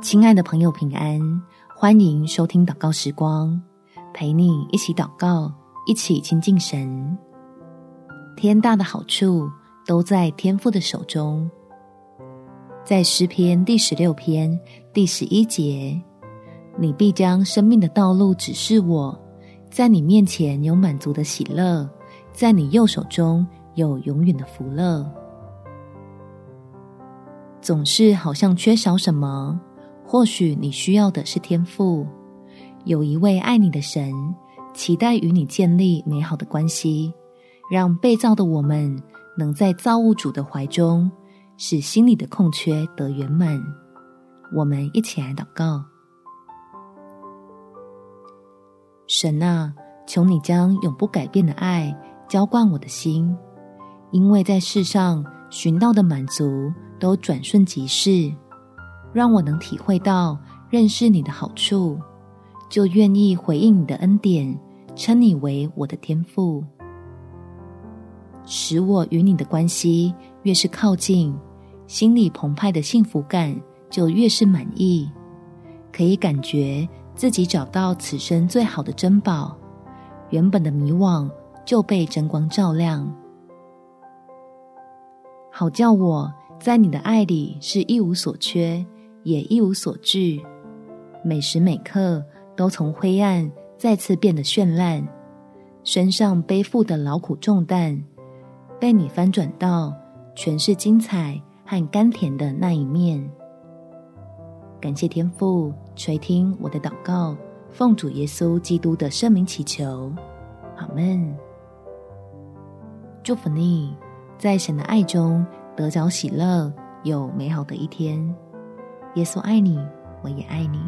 親愛的朋友，平安，歡迎收聽禱告時光，陪你一起禱告，一起親近神。天大的好處都在天父的手中，在詩篇第十六篇第十一節，你必將生命的道路指示我，在你面前有滿足的喜樂，在你右手中有永遠的福樂。總是好像缺少什麼。或許你需要的是天父，有一位愛你的神，期待與你建立美好的關係，讓被造的我們能在造物主的懷中，使心裡的空缺得圓滿。我們一起來禱告：神啊，求你將永不改變的愛澆灌我的心，因為在世上尋到的滿足都轉瞬即逝。讓我能體會到認識你的好處，就願意回應你的恩典，稱你為我的天父。使我與你的關係越是靠近，心裡澎湃的幸福感就越是滿溢，可以感覺自己找到此生最好的珍寶，原本的迷惘就被真光照亮，好叫我在你的愛裡是一無所缺，也一無所懼，每時每刻都從灰暗，再次變得絢爛，身上背負的勞苦重擔，被你翻轉到全是精彩和甘甜的那一面。感謝天父垂聽我的禱告，奉主耶穌基督的聖名祈求，阿們。祝福你，在神的愛中得着喜樂，有美好的一天。耶穌愛你，我也愛你。